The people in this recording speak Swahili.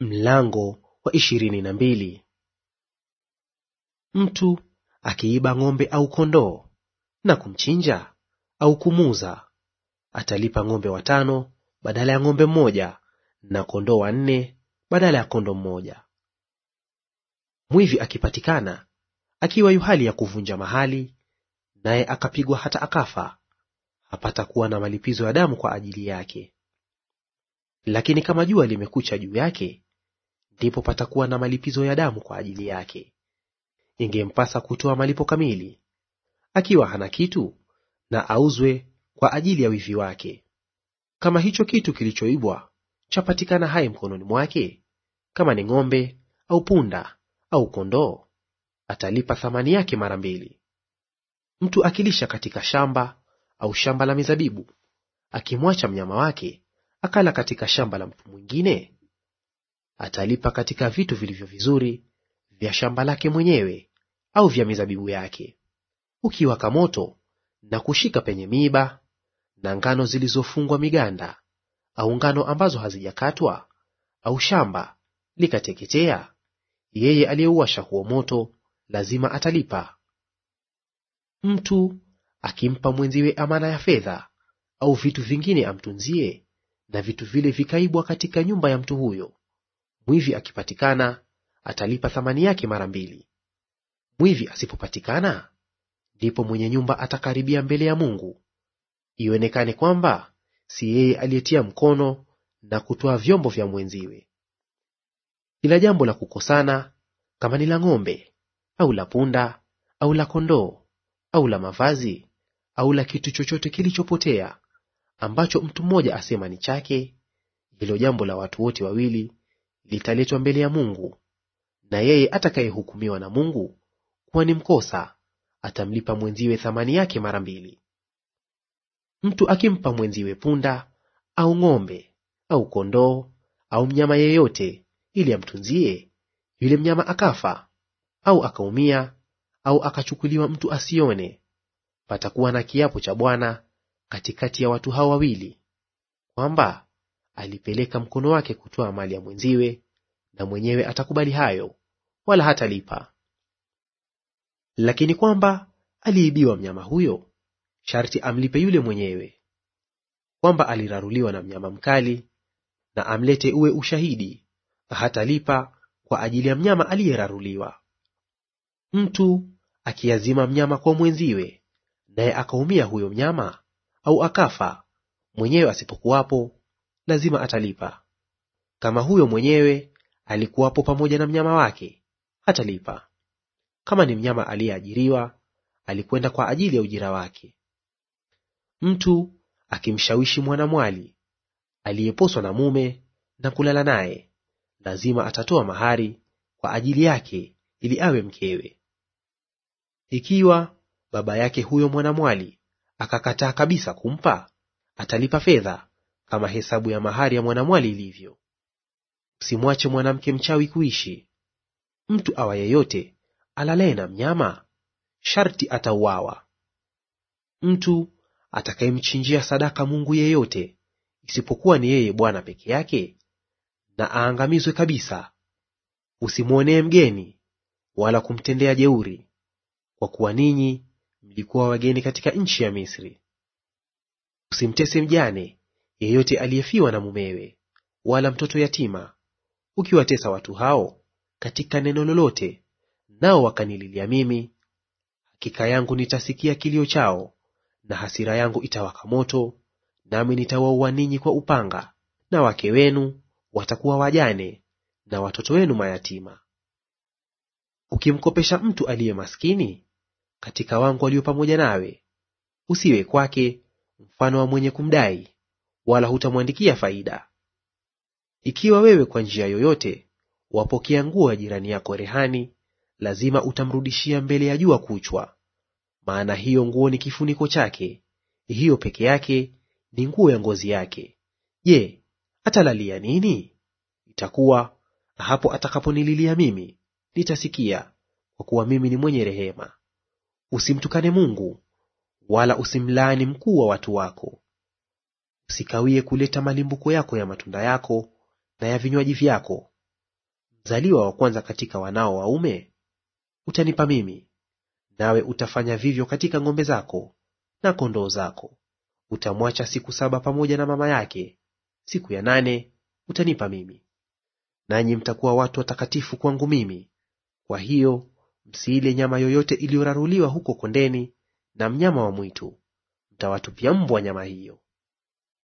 Mlango wa ishirini na mbili. Mtu akiiba ng'ombe au kondoo na kumchinja au kumuuza, atalipa ng'ombe watano badala ya ng'ombe mmoja, na kondoo wanne badala ya kondoo mmoja. Mwivi akipatikana akiwa yu hali ya kuvunja mahali, naye akapigwa hata akafa, hapatakuwa na malipizo ya damu kwa ajili yake. Lakini kama jua limekucha juu yake ndipo patakuwa na malipizo ya damu kwa ajili yake. Ingempasa kutoa malipo kamili. Akiwa hana kitu, na auzwe kwa ajili ya wivi wake. Kama hicho kitu kilichoibwa chapatikana hai mkononi mwake, kama ni ng'ombe au punda au kondoo, atalipa thamani yake mara mbili. Mtu akilisha katika shamba au shamba la mizabibu, akimwacha mnyama wake akala katika shamba la mtu mwingine, atalipa katika vitu vilivyo vizuri vya shamba lake mwenyewe au vya mizabibu yake. Ukiwaka moto na kushika penye miiba na ngano zilizofungwa miganda au ngano ambazo hazijakatwa au shamba likateketea, yeye aliyeuwasha huo moto lazima atalipa. Mtu akimpa mwenziwe amana ya fedha au vitu vingine amtunzie, na vitu vile vikaibwa katika nyumba ya mtu huyo, Mwivi akipatikana atalipa thamani yake mara mbili. Mwivi asipopatikana, ndipo mwenye nyumba atakaribia mbele ya Mungu, ionekane kwamba si yeye aliyetia mkono na kutoa vyombo vya mwenziwe. Kila jambo la kukosana, kama ni la ng'ombe au la punda au la kondoo au la mavazi au la kitu chochote kilichopotea ambacho mtu mmoja asema ni chake, hilo jambo la watu wote wawili litaletwa mbele ya Mungu, na yeye atakayehukumiwa na Mungu kuwa ni mkosa atamlipa mwenziwe thamani yake mara mbili. Mtu akimpa mwenziwe punda au ng'ombe au kondoo au mnyama yeyote ili amtunzie, yule mnyama akafa au akaumia au akachukuliwa mtu asione, patakuwa na kiapo cha Bwana katikati ya watu hao wawili, kwamba alipeleka mkono wake kutoa mali ya mwenziwe, na mwenyewe atakubali hayo, wala hatalipa. Lakini kwamba aliibiwa mnyama huyo, sharti amlipe yule mwenyewe. Kwamba aliraruliwa na mnyama mkali, na amlete uwe ushahidi, hatalipa kwa ajili ya mnyama aliyeraruliwa. Mtu akiazima mnyama kwa mwenziwe, naye akaumia huyo mnyama au akafa, mwenyewe asipokuwapo lazima atalipa. Kama huyo mwenyewe alikuwapo pamoja na mnyama wake, atalipa. Kama ni mnyama aliyeajiriwa, alikwenda kwa ajili ya ujira wake. Mtu akimshawishi mwanamwali aliyeposwa na mume na kulala naye, lazima atatoa mahari kwa ajili yake ili awe mkewe. Ikiwa baba yake huyo mwanamwali akakataa kabisa kumpa, atalipa fedha kama hesabu ya mahari ya mwanamwali ilivyo. Usimwache mwanamke mchawi kuishi. Mtu awa yeyote alalaye na mnyama sharti atauawa. Mtu atakayemchinjia sadaka mungu yeyote isipokuwa ni yeye Bwana peke yake, na aangamizwe kabisa. Usimwonee mgeni wala kumtendea jeuri, kwa kuwa ninyi mlikuwa wageni katika nchi ya Misri. Usimtese mjane yeyote aliyefiwa na mumewe, wala mtoto yatima. Ukiwatesa watu hao katika neno lolote, nao wakanililia mimi, hakika yangu nitasikia kilio chao, na hasira yangu itawaka moto, nami nitawaua ninyi kwa upanga, na wake wenu watakuwa wajane, na watoto wenu mayatima. Ukimkopesha mtu aliye maskini katika wangu walio pamoja nawe, usiwe kwake mfano wa mwenye kumdai, wala hutamwandikia faida. Ikiwa wewe kwa njia yoyote wapokea nguo ya jirani yako rehani, lazima utamrudishia mbele ya jua kuchwa, maana hiyo nguo ni kifuniko chake, hiyo peke yake ni nguo ya ngozi yake. Je, atalalia nini? Itakuwa hapo atakaponililia mimi, nitasikia, kwa kuwa mimi ni mwenye rehema. Usimtukane Mungu, wala usimlaani mkuu wa watu wako usikawie kuleta malimbuko yako ya matunda yako na ya vinywaji vyako. Mzaliwa wa kwanza katika wanao waume utanipa mimi, nawe utafanya vivyo katika ng'ombe zako na kondoo zako. Utamwacha siku saba pamoja na mama yake, siku ya nane utanipa mimi. Nanyi mtakuwa watu watakatifu kwangu mimi. Kwa hiyo msiile nyama yoyote iliyoraruliwa huko kondeni na mnyama wa mwitu; mtawatupia mbwa nyama hiyo.